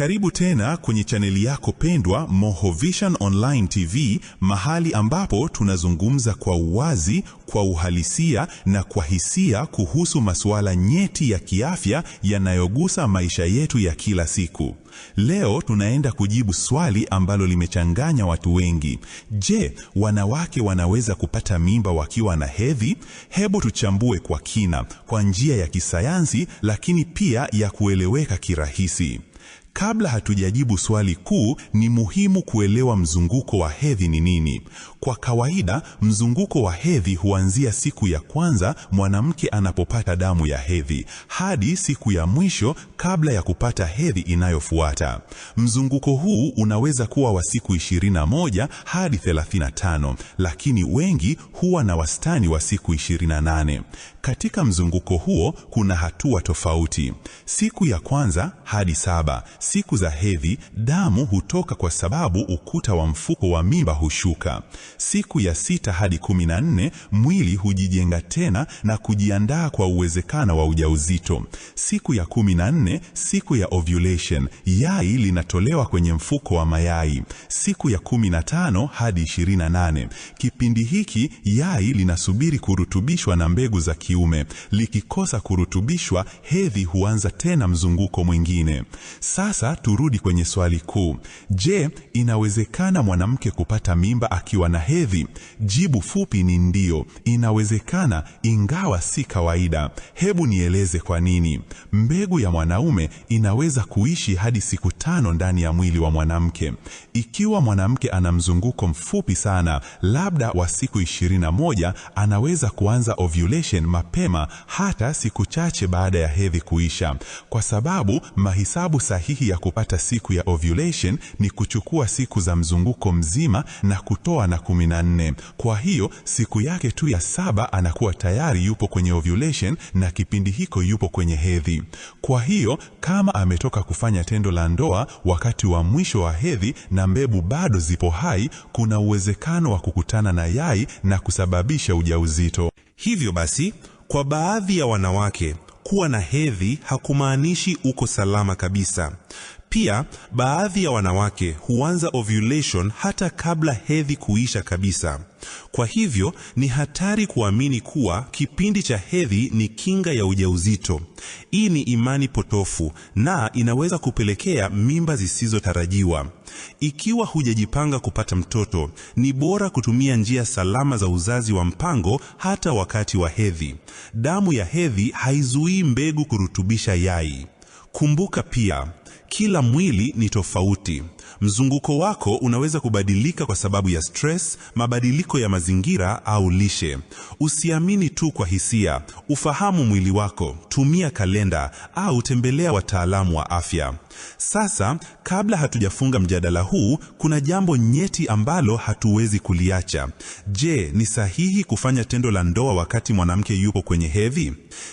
Karibu tena kwenye chaneli yako pendwa Mohovision Online TV, mahali ambapo tunazungumza kwa uwazi, kwa uhalisia na kwa hisia kuhusu masuala nyeti ya kiafya yanayogusa maisha yetu ya kila siku. Leo tunaenda kujibu swali ambalo limechanganya watu wengi. Je, wanawake wanaweza kupata mimba wakiwa na hedhi? Hebu tuchambue kwa kina, kwa njia ya kisayansi, lakini pia ya kueleweka kirahisi. Kabla hatujajibu swali kuu, ni muhimu kuelewa mzunguko wa hedhi ni nini. Kwa kawaida, mzunguko wa hedhi huanzia siku ya kwanza mwanamke anapopata damu ya hedhi hadi siku ya mwisho kabla ya kupata hedhi inayofuata. Mzunguko huu unaweza kuwa wa siku 21 hadi 35, lakini wengi huwa na wastani wa siku 28. Katika mzunguko huo kuna hatua tofauti: siku ya kwanza hadi saba siku za hedhi damu hutoka kwa sababu ukuta wa mfuko wa mimba hushuka. Siku ya sita hadi kumi na nne mwili hujijenga tena na kujiandaa kwa uwezekano wa ujauzito. Siku ya kumi na nne siku ya ovulation, yai linatolewa kwenye mfuko wa mayai. Siku ya kumi na tano hadi ishirini na nane kipindi hiki yai linasubiri kurutubishwa na mbegu za kiume. Likikosa kurutubishwa, hedhi huanza tena mzunguko mwingine. Sa sasa turudi kwenye swali kuu. Je, inawezekana mwanamke kupata mimba akiwa na hedhi? Jibu fupi ni ndio, inawezekana, ingawa si kawaida. Hebu nieleze kwa nini. Mbegu ya mwanaume inaweza kuishi hadi siku tano ndani ya mwili wa mwanamke. Ikiwa mwanamke ana mzunguko mfupi sana, labda wa siku 21, anaweza kuanza ovulation mapema hata siku chache baada ya hedhi kuisha, kwa sababu mahisabu sahihi ya kupata siku ya ovulation ni kuchukua siku za mzunguko mzima na kutoa na 14. Kwa hiyo siku yake tu ya saba anakuwa tayari yupo kwenye ovulation na kipindi hiko yupo kwenye hedhi. Kwa hiyo kama ametoka kufanya tendo la ndoa ndoa wakati wa mwisho wa hedhi na mbebu bado zipo hai, kuna uwezekano wa kukutana na yai na kusababisha ujauzito. Hivyo basi, kwa baadhi ya wanawake kuwa na hedhi hakumaanishi uko salama kabisa. Pia baadhi ya wanawake huanza ovulation hata kabla hedhi kuisha kabisa. Kwa hivyo ni hatari kuamini kuwa kipindi cha hedhi ni kinga ya ujauzito. Hii ni imani potofu na inaweza kupelekea mimba zisizotarajiwa. Ikiwa hujajipanga kupata mtoto, ni bora kutumia njia salama za uzazi wa mpango hata wakati wa hedhi. Damu ya hedhi haizuii mbegu kurutubisha yai. Kumbuka pia kila mwili ni tofauti. Mzunguko wako unaweza kubadilika kwa sababu ya stress, mabadiliko ya mazingira au lishe. Usiamini tu kwa hisia, ufahamu mwili wako, tumia kalenda au tembelea wataalamu wa afya. Sasa, kabla hatujafunga mjadala huu, kuna jambo nyeti ambalo hatuwezi kuliacha. Je, ni sahihi kufanya tendo la ndoa wakati mwanamke yupo kwenye hedhi?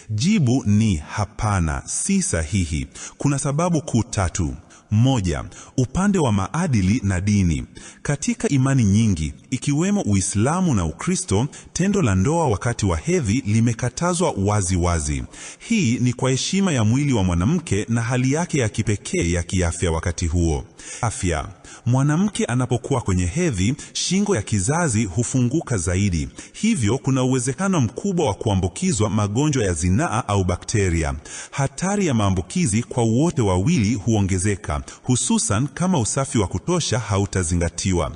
Jibu ni hapana, si sahihi. Kuna sababu kuu tatu. Moja, upande wa maadili na dini. Katika imani nyingi ikiwemo Uislamu na Ukristo, tendo la ndoa wakati wa hedhi limekatazwa wazi wazi. Hii ni kwa heshima ya mwili wa mwanamke na hali yake ya kipekee ya kiafya wakati huo. Afya. Mwanamke anapokuwa kwenye hedhi, shingo ya kizazi hufunguka zaidi. Hivyo kuna uwezekano mkubwa wa kuambukizwa magonjwa ya zinaa au bakteria. Hatari ya maambukizi kwa wote wawili huongezeka hususan kama usafi wa kutosha hautazingatiwa.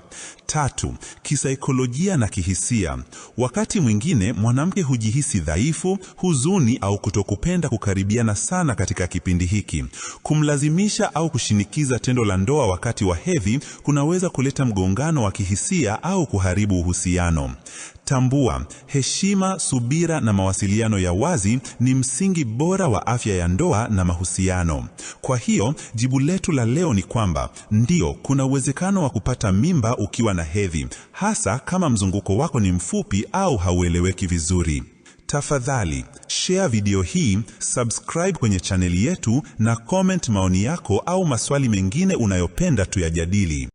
Tatu, kisaikolojia na kihisia. Wakati mwingine mwanamke hujihisi dhaifu, huzuni au kutokupenda kukaribiana sana katika kipindi hiki. Kumlazimisha au kushinikiza tendo la ndoa wakati wa hedhi kunaweza kuleta mgongano wa kihisia au kuharibu uhusiano. Tambua, heshima, subira na mawasiliano ya wazi ni msingi bora wa afya ya ndoa na mahusiano. Kwa hiyo, jibu letu la leo ni kwamba ndio, kuna uwezekano wa kupata mimba ukiwa na hedhi, hasa kama mzunguko wako ni mfupi au haueleweki vizuri. Tafadhali share video hii, subscribe kwenye chaneli yetu na comment maoni yako au maswali mengine unayopenda tuyajadili.